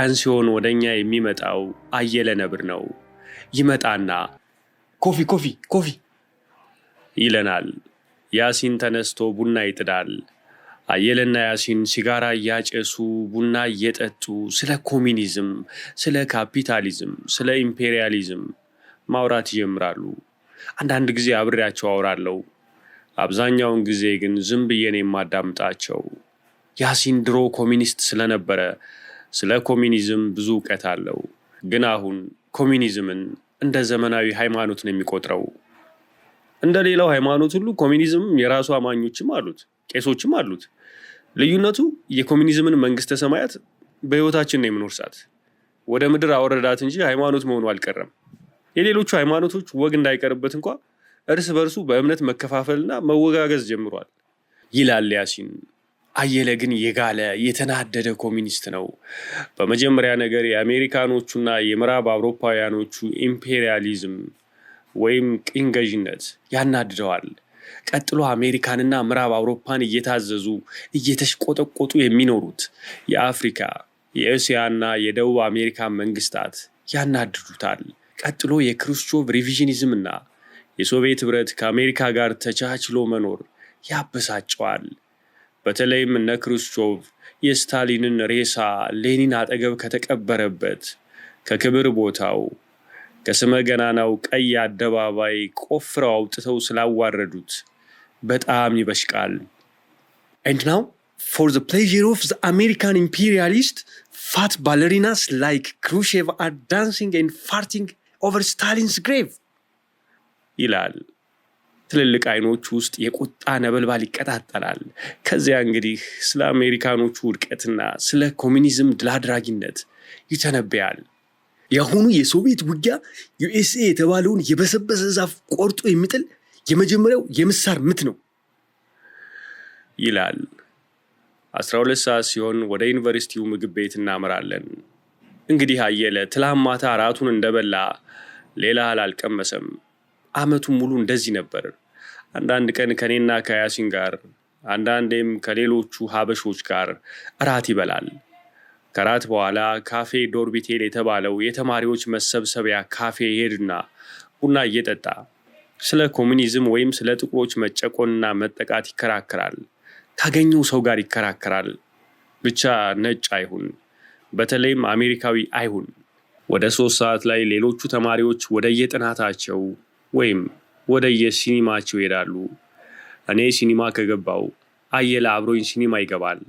ቀን ሲሆን ወደ እኛ የሚመጣው አየለ ነብር ነው። ይመጣና ኮፊ ኮፊ ኮፊ ይለናል። ያሲን ተነስቶ ቡና ይጥዳል። አየለና ያሲን ሲጋራ እያጨሱ ቡና እየጠጡ ስለ ኮሚኒዝም፣ ስለ ካፒታሊዝም፣ ስለ ኢምፔሪያሊዝም ማውራት ይጀምራሉ። አንዳንድ ጊዜ አብሬያቸው አውራለሁ። አብዛኛውን ጊዜ ግን ዝም ብዬ የማዳምጣቸው። ያሲን ድሮ ኮሚኒስት ስለነበረ ስለ ኮሚኒዝም ብዙ እውቀት አለው። ግን አሁን ኮሚኒዝምን እንደ ዘመናዊ ሃይማኖት ነው የሚቆጥረው። እንደ ሌላው ሃይማኖት ሁሉ ኮሚኒዝም የራሱ አማኞችም አሉት፣ ቄሶችም አሉት። ልዩነቱ የኮሚኒዝምን መንግስተ ሰማያት በህይወታችን ነው የምኖር ሰዓት ወደ ምድር አወረዳት እንጂ ሃይማኖት መሆኑ አልቀረም። የሌሎቹ ሃይማኖቶች ወግ እንዳይቀርበት እንኳ እርስ በርሱ በእምነት መከፋፈልና መወጋገዝ ጀምሯል ይላል ያሲን። አየለ ግን የጋለ የተናደደ ኮሚኒስት ነው። በመጀመሪያ ነገር የአሜሪካኖቹና የምዕራብ አውሮፓውያኖቹ ኢምፔሪያሊዝም ወይም ቅኝ ገዥነት ያናድደዋል። ቀጥሎ አሜሪካንና ምዕራብ አውሮፓን እየታዘዙ እየተሽቆጠቆጡ የሚኖሩት የአፍሪካ የእስያና የደቡብ አሜሪካ መንግስታት ያናድዱታል። ቀጥሎ የክሩስቾቭ ሪቪዥኒዝምና የሶቪየት ህብረት ከአሜሪካ ጋር ተቻችሎ መኖር ያበሳጨዋል። በተለይም እነ ክሩስቾቭ የስታሊንን ሬሳ ሌኒን አጠገብ ከተቀበረበት ከክብር ቦታው ከስመ ገናናው ቀይ አደባባይ ቆፍረው አውጥተው ስላዋረዱት በጣም ይበሽቃል። ኤንድ ናው ፎር ዘ ፕሌዥር ኦፍ ዘ አሜሪካን ኢምፔሪያሊስት ፋት ባለሪናስ ላይክ ክሩሼቭ አር ዳንሲንግ ኤንድ ፋርቲንግ ኦቨር ስታሊንስ ግሬቭ ይላል። ትልልቅ አይኖች ውስጥ የቁጣ ነበልባል ይቀጣጠላል። ከዚያ እንግዲህ ስለ አሜሪካኖቹ ውድቀትና ስለ ኮሚኒዝም ድል አድራጊነት ይተነበያል። የአሁኑ የሶቪየት ውጊያ ዩኤስኤ የተባለውን የበሰበሰ ዛፍ ቆርጦ የሚጥል የመጀመሪያው የምሳር ምት ነው ይላል። 12 ሰዓት ሲሆን ወደ ዩኒቨርሲቲው ምግብ ቤት እናመራለን። እንግዲህ አየለ ትላንት ማታ እራቱን እንደበላ ሌላ አላልቀመሰም። አመቱን ሙሉ እንደዚህ ነበር። አንዳንድ ቀን ከኔና ከያሲን ጋር አንዳንዴም ከሌሎቹ ሀበሾች ጋር እራት ይበላል። ከራት በኋላ ካፌ ዶርቢቴል የተባለው የተማሪዎች መሰብሰቢያ ካፌ ሄድና ቡና እየጠጣ ስለ ኮሚኒዝም ወይም ስለ ጥቁሮች መጨቆንና መጠቃት ይከራከራል። ካገኘው ሰው ጋር ይከራከራል። ብቻ ነጭ አይሁን፣ በተለይም አሜሪካዊ አይሁን። ወደ ሶስት ሰዓት ላይ ሌሎቹ ተማሪዎች ወደየጥናታቸው ወይም ወደ የሲኒማቸው ይሄዳሉ። እኔ ሲኒማ ከገባው አየለ አብሮኝ ሲኒማ ይገባል።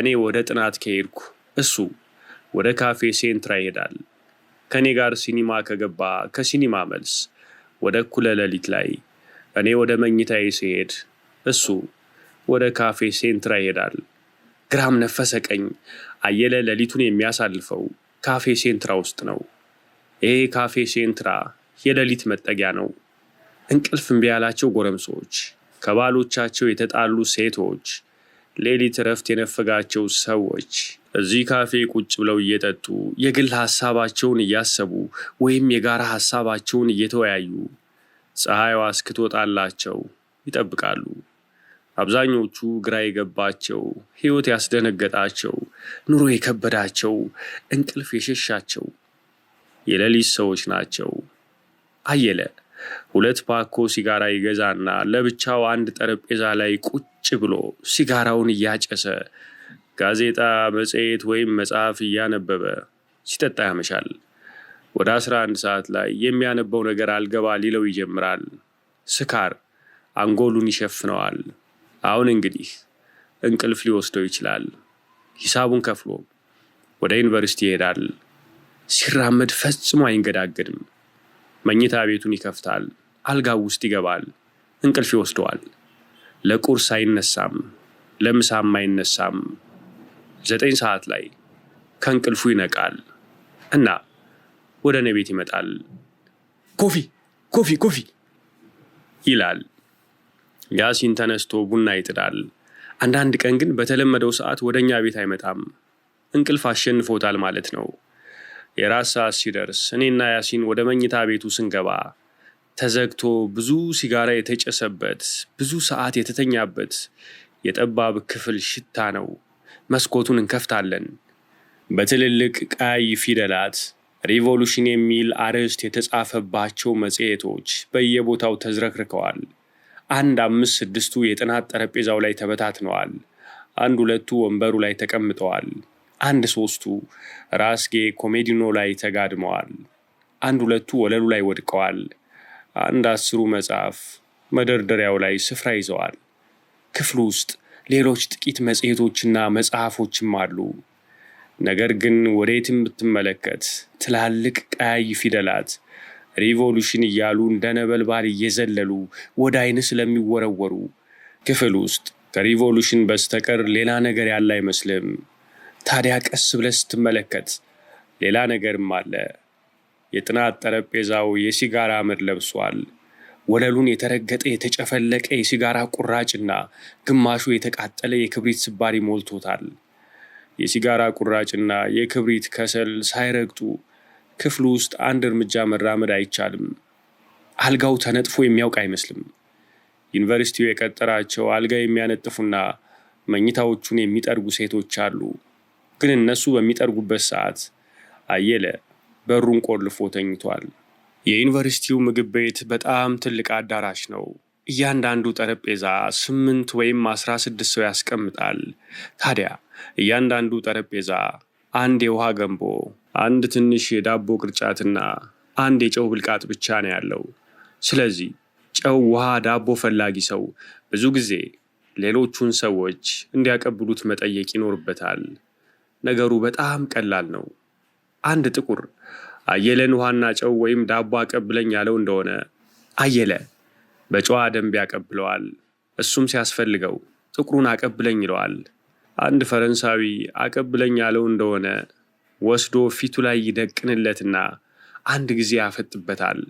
እኔ ወደ ጥናት ከሄድኩ እሱ ወደ ካፌ ሴንትራ ይሄዳል። ከእኔ ጋር ሲኒማ ከገባ ከሲኒማ መልስ ወደ እኩለ ሌሊት ላይ እኔ ወደ መኝታዬ ሲሄድ እሱ ወደ ካፌ ሴንትራ ይሄዳል። ግራም ነፈሰ ቀኝ አየለ ሌሊቱን የሚያሳልፈው ካፌ ሴንትራ ውስጥ ነው። ይሄ ካፌ ሴንትራ የሌሊት መጠጊያ ነው። እንቅልፍ እምቢ ያላቸው ጎረምሶች፣ ከባሎቻቸው የተጣሉ ሴቶች፣ ሌሊት እረፍት የነፈጋቸው ሰዎች እዚህ ካፌ ቁጭ ብለው እየጠጡ የግል ሐሳባቸውን እያሰቡ ወይም የጋራ ሐሳባቸውን እየተወያዩ ፀሐይዋ እስክትወጣላቸው ይጠብቃሉ። አብዛኞቹ ግራ የገባቸው፣ ሕይወት ያስደነገጣቸው፣ ኑሮ የከበዳቸው፣ እንቅልፍ የሸሻቸው የሌሊት ሰዎች ናቸው። አየለ ሁለት ፓኮ ሲጋራ ይገዛና ለብቻው አንድ ጠረጴዛ ላይ ቁጭ ብሎ ሲጋራውን እያጨሰ ጋዜጣ፣ መጽሔት ወይም መጽሐፍ እያነበበ ሲጠጣ ያመሻል። ወደ 11 ሰዓት ላይ የሚያነበው ነገር አልገባ ሊለው ይጀምራል። ስካር አንጎሉን ይሸፍነዋል። አሁን እንግዲህ እንቅልፍ ሊወስደው ይችላል። ሂሳቡን ከፍሎ ወደ ዩኒቨርሲቲ ይሄዳል። ሲራመድ ፈጽሞ አይንገዳገድም። መኝታ ቤቱን ይከፍታል፣ አልጋው ውስጥ ይገባል፣ እንቅልፍ ይወስደዋል። ለቁርስ አይነሳም፣ ለምሳም አይነሳም። ዘጠኝ ሰዓት ላይ ከእንቅልፉ ይነቃል እና ወደ እኔ ቤት ይመጣል። ኮፊ ኮፊ ኮፊ ይላል። ያሲን ተነስቶ ቡና ይጥዳል። አንዳንድ ቀን ግን በተለመደው ሰዓት ወደ እኛ ቤት አይመጣም። እንቅልፍ አሸንፎታል ማለት ነው። የራስ ሰዓት ሲደርስ እኔና ያሲን ወደ መኝታ ቤቱ ስንገባ ተዘግቶ ብዙ ሲጋራ የተጨሰበት ብዙ ሰዓት የተተኛበት የጠባብ ክፍል ሽታ ነው። መስኮቱን እንከፍታለን። በትልልቅ ቀይ ፊደላት ሪቮሉሽን የሚል አርዕስት የተጻፈባቸው መጽሔቶች በየቦታው ተዝረክርከዋል። አንድ አምስት ስድስቱ የጥናት ጠረጴዛው ላይ ተበታትነዋል። አንድ ሁለቱ ወንበሩ ላይ ተቀምጠዋል። አንድ ሶስቱ ራስጌ ኮሜዲኖ ላይ ተጋድመዋል። አንድ ሁለቱ ወለሉ ላይ ወድቀዋል። አንድ አስሩ መጽሐፍ መደርደሪያው ላይ ስፍራ ይዘዋል። ክፍሉ ውስጥ ሌሎች ጥቂት መጽሔቶችና መጽሐፎችም አሉ። ነገር ግን ወዴትም ብትመለከት ትላልቅ ቀያይ ፊደላት ሪቮሉሽን እያሉ እንደ ነበልባል እየዘለሉ ወደ አይን ስለሚወረወሩ ክፍል ውስጥ ከሪቮሉሽን በስተቀር ሌላ ነገር ያለ አይመስልም። ታዲያ ቀስ ብለህ ስትመለከት ሌላ ነገርም አለ። የጥናት ጠረጴዛው የሲጋራ አመድ ለብሷል። ወለሉን የተረገጠ የተጨፈለቀ የሲጋራ ቁራጭና ግማሹ የተቃጠለ የክብሪት ስባሪ ሞልቶታል። የሲጋራ ቁራጭና የክብሪት ከሰል ሳይረግጡ ክፍሉ ውስጥ አንድ እርምጃ መራመድ አይቻልም። አልጋው ተነጥፎ የሚያውቅ አይመስልም። ዩኒቨርሲቲው የቀጠራቸው አልጋ የሚያነጥፉና መኝታዎቹን የሚጠርጉ ሴቶች አሉ። ግን እነሱ በሚጠርጉበት ሰዓት አየለ በሩን ቆልፎ ተኝቷል። የዩኒቨርሲቲው ምግብ ቤት በጣም ትልቅ አዳራሽ ነው። እያንዳንዱ ጠረጴዛ ስምንት ወይም አስራ ስድስት ሰው ያስቀምጣል። ታዲያ እያንዳንዱ ጠረጴዛ አንድ የውሃ ገንቦ፣ አንድ ትንሽ የዳቦ ቅርጫትና አንድ የጨው ብልቃጥ ብቻ ነው ያለው። ስለዚህ ጨው፣ ውሃ፣ ዳቦ ፈላጊ ሰው ብዙ ጊዜ ሌሎቹን ሰዎች እንዲያቀብሉት መጠየቅ ይኖርበታል። ነገሩ በጣም ቀላል ነው። አንድ ጥቁር አየለን ውሃና ጨው ወይም ዳቦ አቀብለኝ ያለው እንደሆነ አየለ በጨዋ ደንብ ያቀብለዋል። እሱም ሲያስፈልገው ጥቁሩን አቀብለኝ ይለዋል። አንድ ፈረንሳዊ አቀብለኝ ያለው እንደሆነ ወስዶ ፊቱ ላይ ይደቅንለትና አንድ ጊዜ ያፈጥበታል።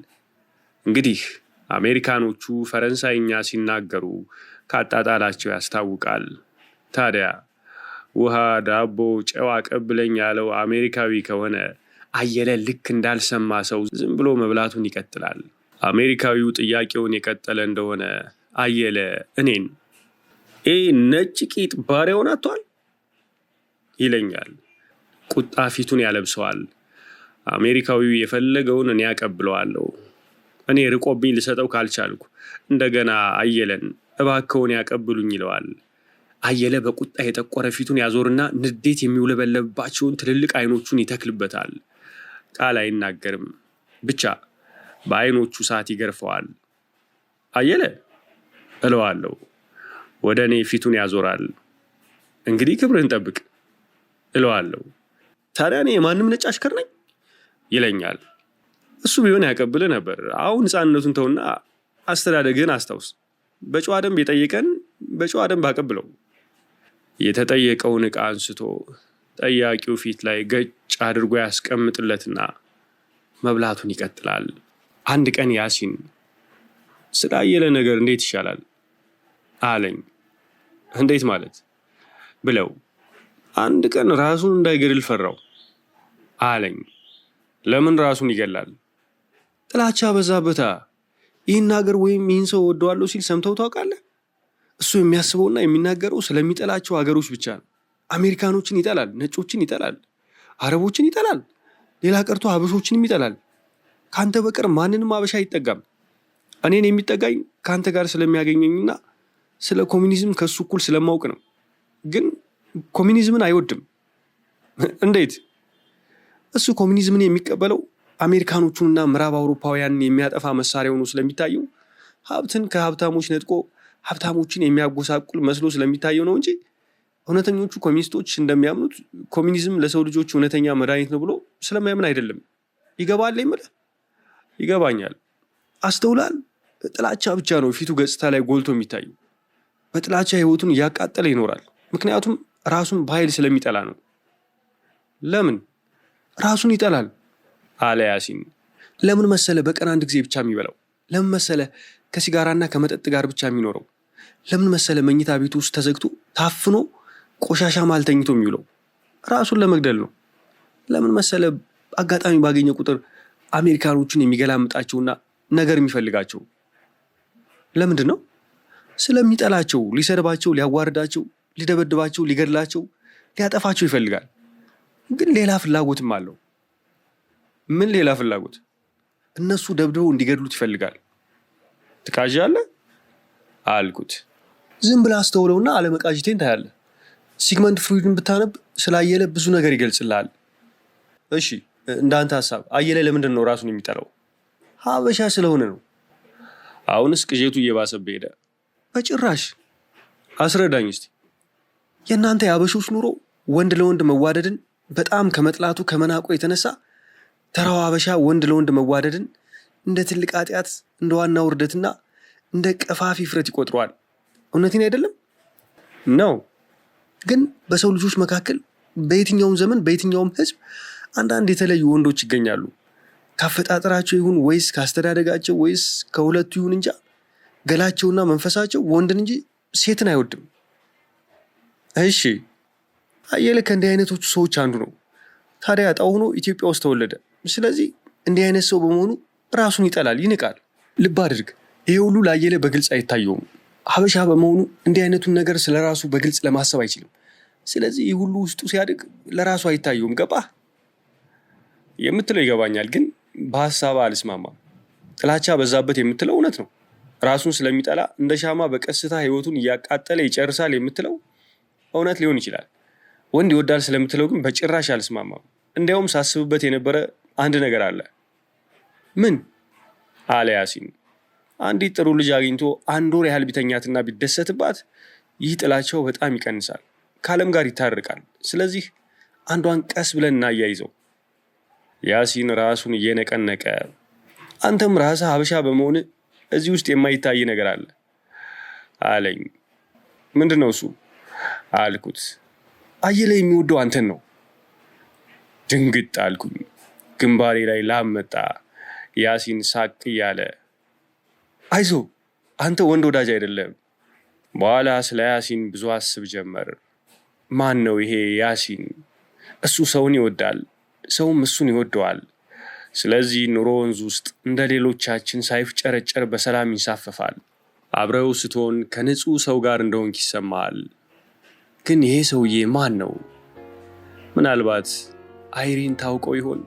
እንግዲህ አሜሪካኖቹ ፈረንሳይኛ ሲናገሩ ከአጣጣላቸው ያስታውቃል። ታዲያ ውሃ፣ ዳቦ፣ ጨው አቀብለኝ ያለው አሜሪካዊ ከሆነ አየለ ልክ እንዳልሰማ ሰው ዝም ብሎ መብላቱን ይቀጥላል። አሜሪካዊው ጥያቄውን የቀጠለ እንደሆነ አየለ እኔን ይህ ነጭ ቂጥ ባሪያውን አቷል ይለኛል። ቁጣ ፊቱን ያለብሰዋል። አሜሪካዊው የፈለገውን እኔ ያቀብለዋለሁ። እኔ ርቆብኝ ልሰጠው ካልቻልኩ እንደገና አየለን እባከውን ያቀብሉኝ ይለዋል። አየለ በቁጣ የጠቆረ ፊቱን ያዞርና ንዴት የሚውለበለብባቸውን ትልልቅ አይኖቹን ይተክልበታል። ቃል አይናገርም፣ ብቻ በአይኖቹ ሰዓት ይገርፈዋል። አየለ እለዋለሁ። ወደ እኔ ፊቱን ያዞራል። እንግዲህ ክብርህን ጠብቅ እለዋለሁ። ታዲያ እኔ የማንም ነጭ አሽከር ነኝ ይለኛል። እሱ ቢሆን ያቀብል ነበር። አሁን ህፃንነቱን ተውና አስተዳደግህን አስታውስ። በጨዋ ደንብ የጠየቀን በጨዋ ደንብ አቀብለው። የተጠየቀውን ዕቃ አንስቶ ጠያቂው ፊት ላይ ገጭ አድርጎ ያስቀምጥለትና መብላቱን ይቀጥላል። አንድ ቀን ያሲን ስላየለ ነገር እንዴት ይሻላል አለኝ። እንዴት ማለት ብለው አንድ ቀን ራሱን እንዳይገድል ፈራው አለኝ። ለምን ራሱን ይገላል? ጥላቻ በዛበታ። ይህን ሀገር ወይም ይህን ሰው ወደዋለሁ ሲል ሰምተው ታውቃለህ? እሱ የሚያስበውና የሚናገረው ስለሚጠላቸው ሀገሮች ብቻ ነው። አሜሪካኖችን ይጠላል፣ ነጮችን ይጠላል፣ አረቦችን ይጠላል፣ ሌላ ቀርቶ ሀበሾችንም ይጠላል። ከአንተ በቀር ማንንም ሀበሻ አይጠጋም። እኔን የሚጠጋኝ ከአንተ ጋር ስለሚያገኘኝና ስለ ኮሚኒዝም ከእሱ እኩል ስለማውቅ ነው። ግን ኮሚኒዝምን አይወድም። እንዴት? እሱ ኮሚኒዝምን የሚቀበለው አሜሪካኖቹንና ምዕራብ አውሮፓውያንን የሚያጠፋ መሳሪያ ሆኖ ስለሚታየው ሀብትን ከሀብታሞች ነጥቆ ሀብታሞችን የሚያጎሳቁል መስሎ ስለሚታየው ነው እንጂ እውነተኞቹ ኮሚኒስቶች እንደሚያምኑት ኮሚኒዝም ለሰው ልጆች እውነተኛ መድኃኒት ነው ብሎ ስለማያምን አይደለም። ይገባል የምልህ ይገባኛል። አስተውላል። ጥላቻ ብቻ ነው ፊቱ ገጽታ ላይ ጎልቶ የሚታየው። በጥላቻ ህይወቱን እያቃጠለ ይኖራል። ምክንያቱም ራሱን በኃይል ስለሚጠላ ነው። ለምን ራሱን ይጠላል አለ ያሲን። ለምን መሰለ በቀን አንድ ጊዜ ብቻ የሚበላው ለምን መሰለ ከሲጋራና ከመጠጥ ጋር ብቻ የሚኖረው ለምን መሰለ መኝታ ቤቱ ውስጥ ተዘግቶ ታፍኖ ቆሻሻ ማልተኝቶ ተኝቶ የሚውለው ራሱን ለመግደል ነው። ለምን መሰለ አጋጣሚ ባገኘ ቁጥር አሜሪካኖቹን የሚገላምጣቸውና ነገር የሚፈልጋቸው ለምንድን ነው? ስለሚጠላቸው፣ ሊሰድባቸው፣ ሊያዋርዳቸው፣ ሊደበድባቸው፣ ሊገድላቸው፣ ሊያጠፋቸው ይፈልጋል። ግን ሌላ ፍላጎትም አለው። ምን ሌላ ፍላጎት? እነሱ ደብድበው እንዲገድሉት ይፈልጋል። አለ አልኩት። ዝም ብለህ አስተውለውና አለመቃዥቴን እንታያለ። ሲግመንት ፍሩድን ብታነብ ስለ አየለ ብዙ ነገር ይገልጽልሃል። እሺ እንዳንተ ሀሳብ አየለ ለምንድን ነው ራሱን የሚጠላው? ሀበሻ ስለሆነ ነው። አሁንስ ቅዤቱ እየባሰብህ ሄደ። በጭራሽ አስረዳኝ እስቲ። የእናንተ የአበሾች ኑሮ ወንድ ለወንድ መዋደድን በጣም ከመጥላቱ ከመናቆ የተነሳ ተራው ሀበሻ ወንድ ለወንድ መዋደድን እንደ ትልቅ ኃጢአት፣ እንደ ዋና ውርደትና እንደ ቀፋፊ ፍረት ይቆጥረዋል። እውነቴን አይደለም ነው። ግን በሰው ልጆች መካከል በየትኛውም ዘመን በየትኛውም ህዝብ አንዳንድ የተለዩ ወንዶች ይገኛሉ። ካፈጣጠራቸው ይሁን ወይስ ካስተዳደጋቸው ወይስ ከሁለቱ ይሁን እንጃ ገላቸውና መንፈሳቸው ወንድን እንጂ ሴትን አይወድም። እሺ አየለ ከእንዲህ አይነቶቹ ሰዎች አንዱ ነው። ታዲያ ጣው ሆኖ ኢትዮጵያ ውስጥ ተወለደ። ስለዚህ እንዲህ አይነት ሰው በመሆኑ ራሱን ይጠላል፣ ይንቃል። ልብ አድርግ፣ ይሄ ሁሉ ላየለ በግልጽ አይታየውም። ሀበሻ በመሆኑ እንዲህ አይነቱን ነገር ስለ ራሱ በግልጽ ለማሰብ አይችልም። ስለዚህ ይህ ሁሉ ውስጡ ሲያድግ ለራሱ አይታየውም። ገባ የምትለው ይገባኛል፣ ግን በሀሳብ አልስማማም። ጥላቻ በዛበት የምትለው እውነት ነው። ራሱን ስለሚጠላ እንደ ሻማ በቀስታ ህይወቱን እያቃጠለ ይጨርሳል የምትለው እውነት ሊሆን ይችላል። ወንድ ይወዳል ስለምትለው ግን በጭራሽ አልስማማም። እንዲያውም ሳስብበት የነበረ አንድ ነገር አለ። ምን አለ ያሲን። አንዲት ጥሩ ልጅ አግኝቶ አንድ ወር ያህል ቢተኛትና ቢደሰትባት ይህ ጥላቸው በጣም ይቀንሳል፣ ከዓለም ጋር ይታርቃል። ስለዚህ አንዷን ቀስ ብለን እናያይዘው። ያሲን ራሱን እየነቀነቀ አንተም ራስ ሀበሻ በመሆን እዚህ ውስጥ የማይታይ ነገር አለ አለኝ። ምንድን ነው እሱ አልኩት። አየለ የሚወደው አንተን ነው። ድንግጥ አልኩኝ። ግንባሬ ላይ ላብ መጣ። ያሲን ሳቅ እያለ አይዞ አንተ ወንድ ወዳጅ አይደለም። በኋላ ስለ ያሲን ብዙ አስብ ጀመር። ማን ነው ይሄ ያሲን? እሱ ሰውን ይወዳል፣ ሰውም እሱን ይወደዋል። ስለዚህ ኑሮ ወንዝ ውስጥ እንደ ሌሎቻችን ሳይፍጨረጨር በሰላም ይንሳፈፋል። አብረው ስትሆን ከንጹህ ሰው ጋር እንደሆንክ ይሰማሃል። ግን ይሄ ሰውዬ ማን ነው? ምናልባት አይሪን ታውቀው ይሆን?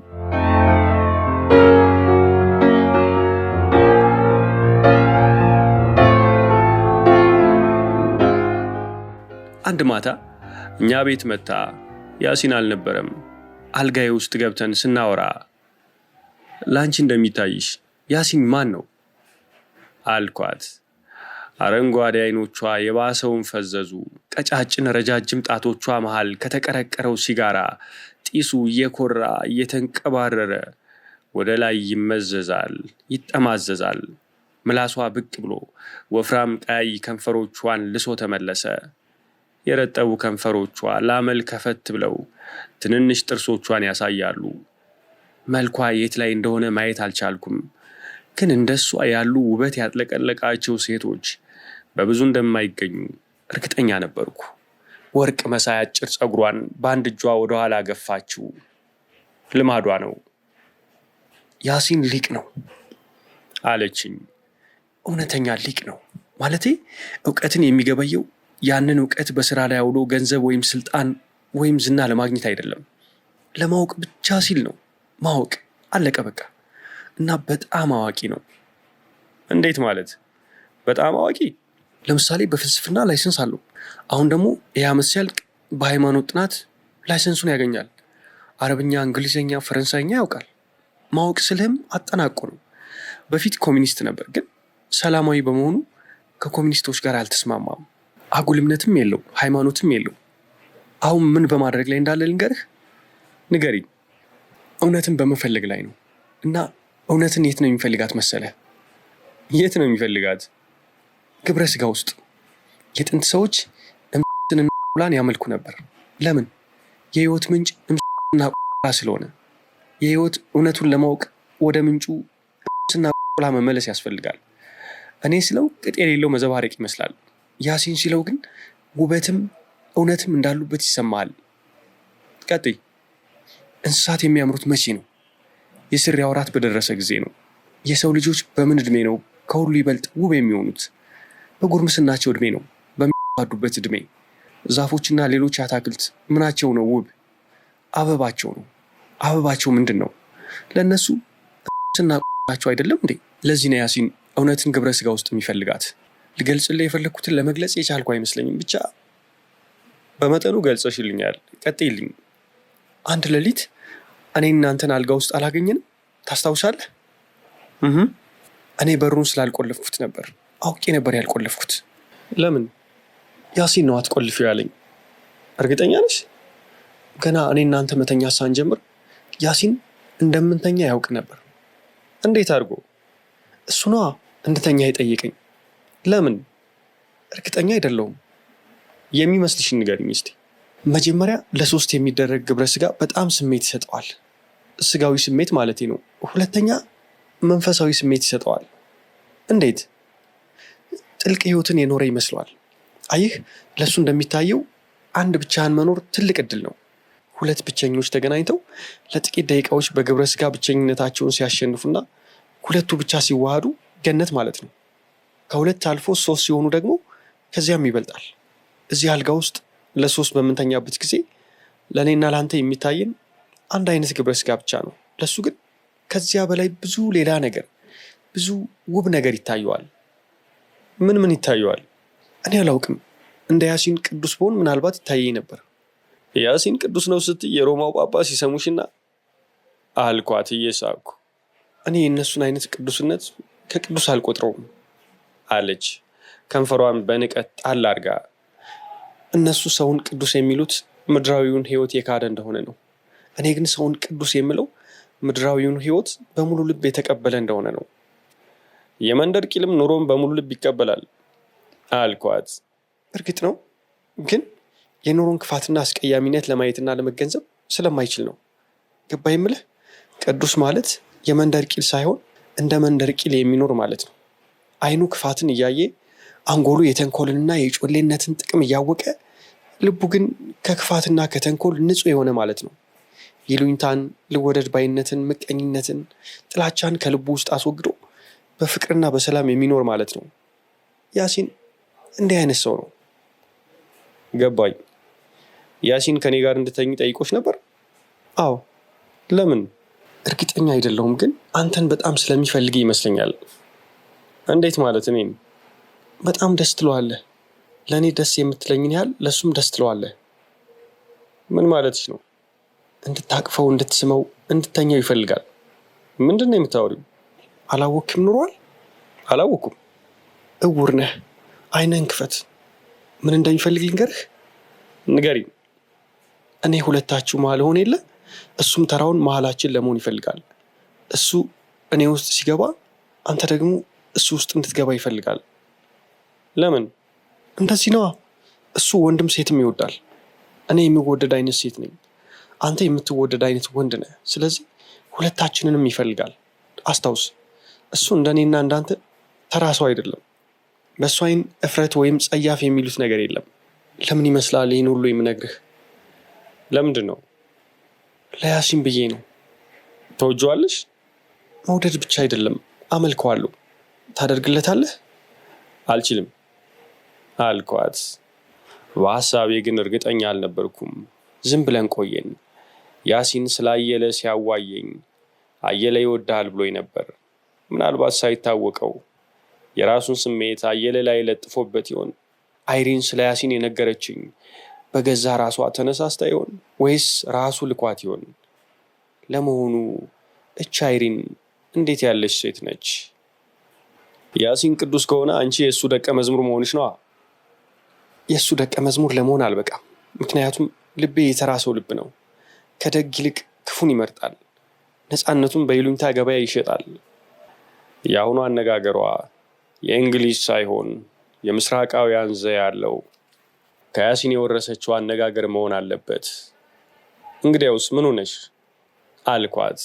አንድ ማታ እኛ ቤት መታ ያሲን አልነበረም። አልጋዬ ውስጥ ገብተን ስናወራ ላንቺ እንደሚታይሽ ያሲን ማን ነው አልኳት። አረንጓዴ አይኖቿ የባሰውን ፈዘዙ። ቀጫጭን ረጃጅም ጣቶቿ መሃል ከተቀረቀረው ሲጋራ ጢሱ እየኮራ እየተንቀባረረ ወደ ላይ ይመዘዛል፣ ይጠማዘዛል። ምላሷ ብቅ ብሎ ወፍራም ቀያይ ከንፈሮቿን ልሶ ተመለሰ። የረጠቡ ከንፈሮቿ ላመል ከፈት ብለው ትንንሽ ጥርሶቿን ያሳያሉ። መልኳ የት ላይ እንደሆነ ማየት አልቻልኩም፣ ግን እንደሷ ያሉ ውበት ያጥለቀለቃቸው ሴቶች በብዙ እንደማይገኙ እርግጠኛ ነበርኩ። ወርቅ መሳይ አጭር ፀጉሯን በአንድ እጇ ወደኋላ ገፋችው። ልማዷ ነው። ያሲን ሊቅ ነው አለችኝ። እውነተኛ ሊቅ ነው ማለቴ እውቀትን የሚገበየው ያንን እውቀት በስራ ላይ አውሎ ገንዘብ ወይም ስልጣን ወይም ዝና ለማግኘት አይደለም፣ ለማወቅ ብቻ ሲል ነው። ማወቅ አለቀ በቃ። እና በጣም አዋቂ ነው። እንዴት ማለት? በጣም አዋቂ ለምሳሌ በፍልስፍና ላይሰንስ አለው። አሁን ደግሞ ይህ ዓመት ሲያልቅ በሃይማኖት ጥናት ላይሰንሱን ያገኛል። አረብኛ፣ እንግሊዝኛ፣ ፈረንሳይኛ ያውቃል። ማወቅ ስልህም አጠናቆ ነው። በፊት ኮሚኒስት ነበር፣ ግን ሰላማዊ በመሆኑ ከኮሚኒስቶች ጋር አልተስማማም። አጉልምነትም የለው፣ ሃይማኖትም የለው። አሁን ምን በማድረግ ላይ እንዳለ ልንገርህ፣ ንገሪኝ። እውነትን በመፈለግ ላይ ነው። እና እውነትን የት ነው የሚፈልጋት መሰለህ? የት ነው የሚፈልጋት? ግብረ ስጋ ውስጥ። የጥንት ሰዎች እምስንና ቁላን ያመልኩ ነበር። ለምን? የህይወት ምንጭ እምስና ቁላ ስለሆነ የህይወት እውነቱን ለማወቅ ወደ ምንጩ እምስና ቁላ መመለስ ያስፈልጋል። እኔ ስለው ቅጥ የሌለው መዘባረቅ ይመስላል። ያሲን ሲለው ግን ውበትም እውነትም እንዳሉበት ይሰማል። ቀጥይ። እንስሳት የሚያምሩት መቼ ነው? የስሪ ወራት በደረሰ ጊዜ ነው። የሰው ልጆች በምን እድሜ ነው ከሁሉ ይበልጥ ውብ የሚሆኑት? በጉርምስናቸው እድሜ ነው፣ በሚባዱበት እድሜ ዛፎችና ሌሎች አታክልት ምናቸው ነው ውብ? አበባቸው ነው። አበባቸው ምንድን ነው? ለእነሱ ስና አይደለም እንዴ? ለዚህ ነው ያሲን እውነትን ግብረ ስጋ ውስጥ የሚፈልጋት። ልገልጽልህ የፈለግኩትን ለመግለጽ የቻልኩ አይመስለኝም። ብቻ በመጠኑ ገልጸሽልኛል። ቀጥይልኝ። አንድ ሌሊት እኔ እናንተን አልጋ ውስጥ አላገኘንም። ታስታውሳለህ? እኔ በሩን ስላልቆለፍኩት ነበር። አውቄ ነበር ያልቆለፍኩት። ለምን? ያሲን ነው አትቆልፊው ያለኝ። እርግጠኛ ነሽ? ገና እኔ እናንተ መተኛ ሳንጀምር ያሲን እንደምንተኛ ያውቅ ነበር። እንዴት አድርጎ? እሱኗ እንድተኛ የጠየቀኝ ለምን እርግጠኛ አይደለሁም። የሚመስልሽን ንገሪኝ እስቲ። መጀመሪያ ለሶስት የሚደረግ ግብረ ስጋ በጣም ስሜት ይሰጠዋል። ስጋዊ ስሜት ማለት ነው። ሁለተኛ መንፈሳዊ ስሜት ይሰጠዋል። እንዴት? ጥልቅ ህይወትን የኖረ ይመስለዋል። አይህ ለእሱ እንደሚታየው አንድ ብቻህን መኖር ትልቅ እድል ነው። ሁለት ብቸኞች ተገናኝተው ለጥቂት ደቂቃዎች በግብረ ስጋ ብቸኝነታቸውን ሲያሸንፉና ሁለቱ ብቻ ሲዋሃዱ ገነት ማለት ነው። ከሁለት አልፎ ሶስት ሲሆኑ ደግሞ ከዚያም ይበልጣል። እዚህ አልጋ ውስጥ ለሶስት በምንተኛበት ጊዜ ለእኔና ለአንተ የሚታየን አንድ አይነት ግብረ ስጋ ብቻ ነው። ለሱ ግን ከዚያ በላይ ብዙ ሌላ ነገር፣ ብዙ ውብ ነገር ይታየዋል። ምን ምን ይታየዋል? እኔ አላውቅም። እንደ ያሲን ቅዱስ በሆን ምናልባት ይታየኝ ነበር። ያሲን ቅዱስ ነው ስትይ የሮማው ጳጳስ ሲሰሙሽና አልኳት እየሳኩ። እኔ የእነሱን አይነት ቅዱስነት ከቅዱስ አልቆጥረውም። አለች ከንፈሯን በንቀት ጣል አድርጋ። እነሱ ሰውን ቅዱስ የሚሉት ምድራዊውን ህይወት የካደ እንደሆነ ነው። እኔ ግን ሰውን ቅዱስ የምለው ምድራዊውን ህይወት በሙሉ ልብ የተቀበለ እንደሆነ ነው። የመንደር ቂልም ኑሮን በሙሉ ልብ ይቀበላል አልኳት። እርግጥ ነው ግን የኑሮን ክፋትና አስቀያሚነት ለማየትና ለመገንዘብ ስለማይችል ነው። ገባ የምልህ ቅዱስ ማለት የመንደር ቂል ሳይሆን እንደ መንደር ቂል የሚኖር ማለት ነው። አይኑ ክፋትን እያየ አንጎሉ የተንኮልንና የጮሌነትን ጥቅም እያወቀ ልቡ ግን ከክፋትና ከተንኮል ንጹህ የሆነ ማለት ነው። ይሉኝታን፣ ልወደድ ባይነትን፣ ምቀኝነትን፣ ጥላቻን ከልቡ ውስጥ አስወግዶ በፍቅርና በሰላም የሚኖር ማለት ነው። ያሲን እንዲህ አይነት ሰው ነው። ገባኝ። ያሲን ከኔ ጋር እንድተኝ ጠይቆች ነበር? አዎ። ለምን? እርግጠኛ አይደለሁም፣ ግን አንተን በጣም ስለሚፈልግ ይመስለኛል። እንዴት ማለት እኔ በጣም ደስ ትለዋለህ። ለእኔ ደስ የምትለኝን ያህል ለእሱም ደስ ትለዋለህ። ምን ማለትሽ ነው? እንድታቅፈው፣ እንድትስመው፣ እንድተኛው ይፈልጋል። ምንድን ነው የምታወሪው? አላወቅም ኑሯል። አላወኩም። እውር ነህ። አይነህን ክፈት። ምን እንደሚፈልግ ልንገርህ። ንገሪ እኔ ሁለታችሁ መሀል ሆን የለ እሱም ተራውን መሀላችን ለመሆን ይፈልጋል። እሱ እኔ ውስጥ ሲገባ አንተ ደግሞ እሱ ውስጥ እንድትገባ ይፈልጋል። ለምን? እንደዚህ ነዋ። እሱ ወንድም ሴትም ይወዳል። እኔ የሚወደድ አይነት ሴት ነኝ፣ አንተ የምትወደድ አይነት ወንድ ነህ። ስለዚህ ሁለታችንንም ይፈልጋል። አስታውስ፣ እሱ እኔና እንዳንተ ተራ ሰው አይደለም። በእሱ አይን እፍረት ወይም ጸያፍ የሚሉት ነገር የለም። ለምን ይመስላል ይህን ሁሉ የምነግርህ? ለምንድን ነው? ለያሲን ብዬ ነው። ተወጀዋለሽ? መውደድ ብቻ አይደለም፣ አመልከዋለሁ። ታደርግለታለህ? አልችልም አልኳት። በሀሳቤ ግን እርግጠኛ አልነበርኩም። ዝም ብለን ቆየን። ያሲን ስለ አየለ ሲያዋየኝ አየለ ይወድሃል ብሎኝ ነበር። ምናልባት ሳይታወቀው የራሱን ስሜት አየለ ላይ ለጥፎበት ይሆን? አይሪን ስለ ያሲን የነገረችኝ በገዛ ራሷ ተነሳስታ ይሆን ወይስ ራሱ ልኳት ይሆን? ለመሆኑ እች አይሪን እንዴት ያለች ሴት ነች? ያሲን ቅዱስ ከሆነ አንቺ የእሱ ደቀ መዝሙር መሆንሽ ነዋ። የእሱ ደቀ መዝሙር ለመሆን አልበቃም፣ ምክንያቱም ልቤ የተራ ሰው ልብ ነው። ከደግ ይልቅ ክፉን ይመርጣል፣ ነፃነቱን በይሉኝታ ገበያ ይሸጣል። የአሁኑ አነጋገሯ የእንግሊዝ ሳይሆን የምስራቃውያን ዘ ያለው ከያሲን የወረሰችው አነጋገር መሆን አለበት። እንግዲያውስ ምን ሆነሽ አልኳት።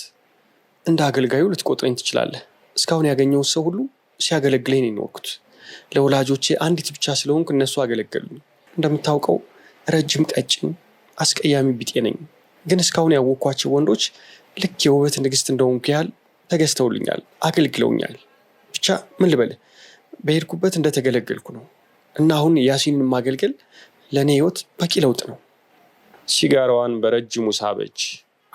እንደ አገልጋዩ ልትቆጥረኝ ትችላለህ። እስካሁን ያገኘውን ሰው ሁሉ ሲያገለግለኝ ነው የኖርኩት። ለወላጆቼ አንዲት ብቻ ስለሆንኩ እነሱ አገለገሉኝ። እንደምታውቀው ረጅም፣ ቀጭን፣ አስቀያሚ ቢጤ ነኝ። ግን እስካሁን ያወቅኳቸው ወንዶች ልክ የውበት ንግስት እንደሆንኩ ያህል ተገዝተውልኛል፣ አገልግለውኛል። ብቻ ምን ልበል በሄድኩበት እንደተገለገልኩ ነው። እና አሁን ያሲንን ማገልገል ለእኔ ህይወት በቂ ለውጥ ነው። ሲጋራዋን በረጅሙ ሳበች።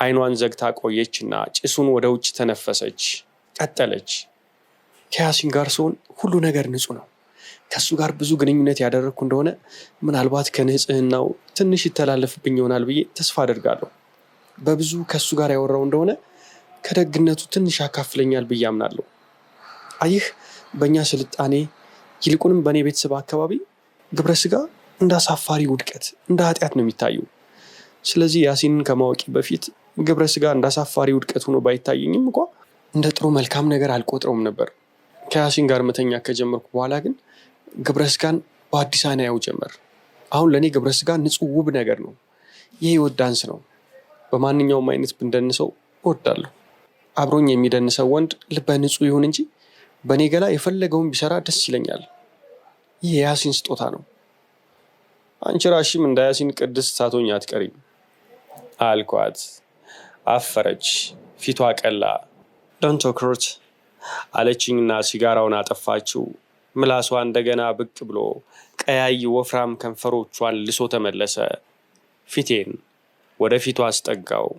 አይኗን ዘግታ ቆየችና ጭሱን ወደ ውጭ ተነፈሰች። ቀጠለች። ከያሲን ጋር ሲሆን ሁሉ ነገር ንጹህ ነው። ከእሱ ጋር ብዙ ግንኙነት ያደረግኩ እንደሆነ ምናልባት ከንጽህናው ትንሽ ይተላለፍብኝ ይሆናል ብዬ ተስፋ አደርጋለሁ። በብዙ ከእሱ ጋር ያወራው እንደሆነ ከደግነቱ ትንሽ ያካፍለኛል ብዬ አምናለሁ። አይህ በእኛ ስልጣኔ ይልቁንም በእኔ ቤተሰብ አካባቢ ግብረ ስጋ እንደ አሳፋሪ ውድቀት፣ እንደ ኃጢአት ነው የሚታየው። ስለዚህ ያሲንን ከማወቂ በፊት ግብረ ስጋ እንደ አሳፋሪ ውድቀት ሆኖ ባይታየኝም እንኳ እንደ ጥሩ መልካም ነገር አልቆጥረውም ነበር። ከያሲን ጋር መተኛ ከጀመርኩ በኋላ ግን ግብረ ስጋን በአዲስ አይን ያው ጀመር። አሁን ለእኔ ግብረ ስጋ ንጹህ ውብ ነገር ነው። የህይወት ዳንስ ነው። በማንኛውም አይነት ብንደንሰው እወዳለሁ። አብሮኝ የሚደንሰው ወንድ ልበ ንጹህ ይሁን እንጂ በእኔ ገላ የፈለገውን ቢሰራ ደስ ይለኛል። ይህ የያሲን ስጦታ ነው። አንቺ ራሽም እንደ ያሲን ቅድስት ሳቶኝ አትቀሪም አልኳት። አፈረች፣ ፊቷ ቀላ። ዶንቶክሮች አለችኝና ሲጋራውን አጠፋችው። ምላሷ እንደገና ብቅ ብሎ ቀያይ ወፍራም ከንፈሮቿን ልሶ ተመለሰ። ፊቴን ወደ ፊቱ አስጠጋው።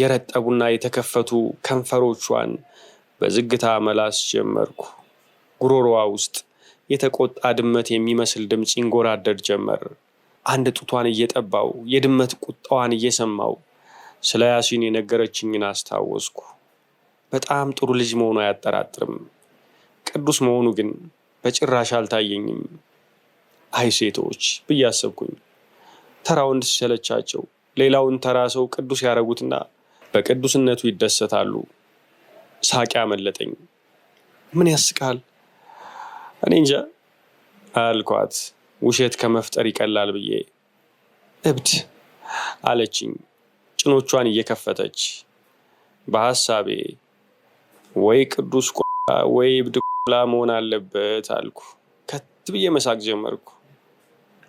የረጠቡና የተከፈቱ ከንፈሮቿን በዝግታ መላስ ጀመርኩ። ጉሮሮዋ ውስጥ የተቆጣ ድመት የሚመስል ድምፅ ይንጎራደድ ጀመር። አንድ ጡቷን እየጠባው የድመት ቁጣዋን እየሰማው ስለ ያሲን የነገረችኝን አስታወስኩ። በጣም ጥሩ ልጅ መሆኑ አያጠራጥርም። ቅዱስ መሆኑ ግን በጭራሽ አልታየኝም። አይ ሴቶች ብዬ አሰብኩኝ። ተራ ሲሰለቻቸው ሌላውን ተራ ሰው ቅዱስ ያደረጉትና በቅዱስነቱ ይደሰታሉ። ሳቂ አመለጠኝ። ምን ያስቃል? እኔ እንጃ አልኳት፣ ውሸት ከመፍጠር ይቀላል ብዬ። እብድ አለችኝ ጭኖቿን እየከፈተች በሐሳቤ ወይ ቅዱስ ቆላ ወይ እብድ ቆላ መሆን አለበት አልኩ። ከት ብዬ መሳቅ ጀመርኩ።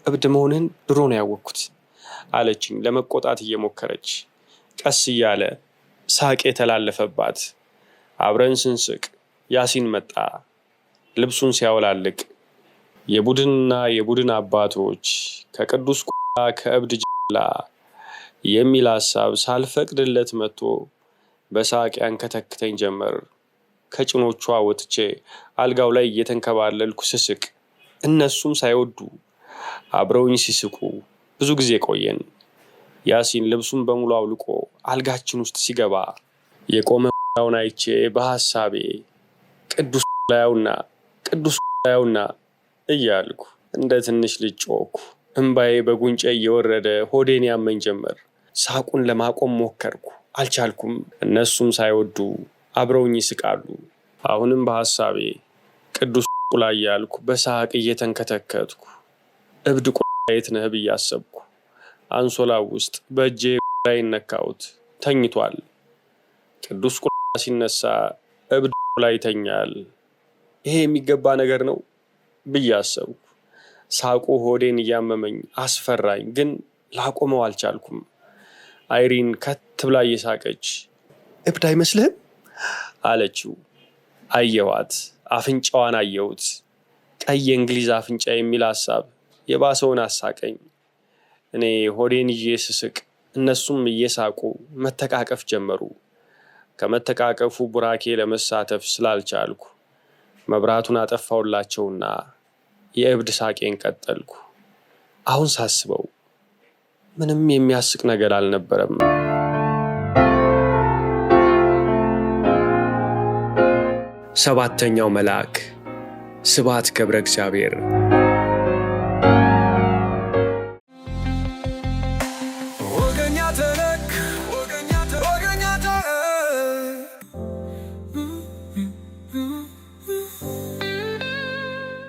እብድ መሆንን ድሮ ነው ያወቅኩት አለችኝ ለመቆጣት እየሞከረች። ቀስ እያለ ሳቅ የተላለፈባት። አብረን ስንስቅ ያሲን መጣ ልብሱን ሲያወላልቅ። የቡድንና የቡድን አባቶች ከቅዱስ ቆላ ከእብድ ጅላ የሚል ሀሳብ ሳልፈቅድለት መጥቶ በሳቅ ያንከተክተኝ ጀመር። ከጭኖቿ ወጥቼ አልጋው ላይ እየተንከባለልኩ ስስቅ እነሱም ሳይወዱ አብረውኝ ሲስቁ ብዙ ጊዜ ቆየን። ያሲን ልብሱን በሙሉ አውልቆ አልጋችን ውስጥ ሲገባ የቆመውን አይቼ በሐሳቤ ቅዱስ ላያውና ቅዱስ ላያውና እያልኩ እንደ ትንሽ ልጅ ጮኩ። እምባዬ በጉንጨ እየወረደ ሆዴን ያመኝ ጀመር። ሳቁን ለማቆም ሞከርኩ፣ አልቻልኩም። እነሱም ሳይወዱ አብረውኝ ይስቃሉ። አሁንም በሐሳቤ ቅዱስ ላይ ያልኩ በሳቅ እየተንከተከትኩ እብድ የት ነህ ብዬ አሰብኩ። አንሶላ ውስጥ በእጄ ላይ ነካሁት። ተኝቷል። ቅዱስ ቁላ ሲነሳ እብድ ላይ ይተኛል። ይሄ የሚገባ ነገር ነው ብዬ አሰብኩ። ሳቁ ሆዴን እያመመኝ አስፈራኝ፣ ግን ላቆመው አልቻልኩም። አይሪን ከት ብላ እየሳቀች እብድ አይመስልህም አለችው። አየኋት፣ አፍንጫዋን አየሁት። ቀይ የእንግሊዝ አፍንጫ የሚል ሀሳብ የባሰውን አሳቀኝ። እኔ ሆዴን ይዤ ስስቅ፣ እነሱም እየሳቁ መተቃቀፍ ጀመሩ። ከመተቃቀፉ ቡራኬ ለመሳተፍ ስላልቻልኩ መብራቱን አጠፋውላቸውና የእብድ ሳቄን ቀጠልኩ። አሁን ሳስበው ምንም የሚያስቅ ነገር አልነበረም። ሰባተኛው መልአክ ስብሐት ገብረ እግዚአብሔር